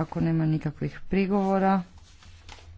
Ako nema nikakvih prigovora,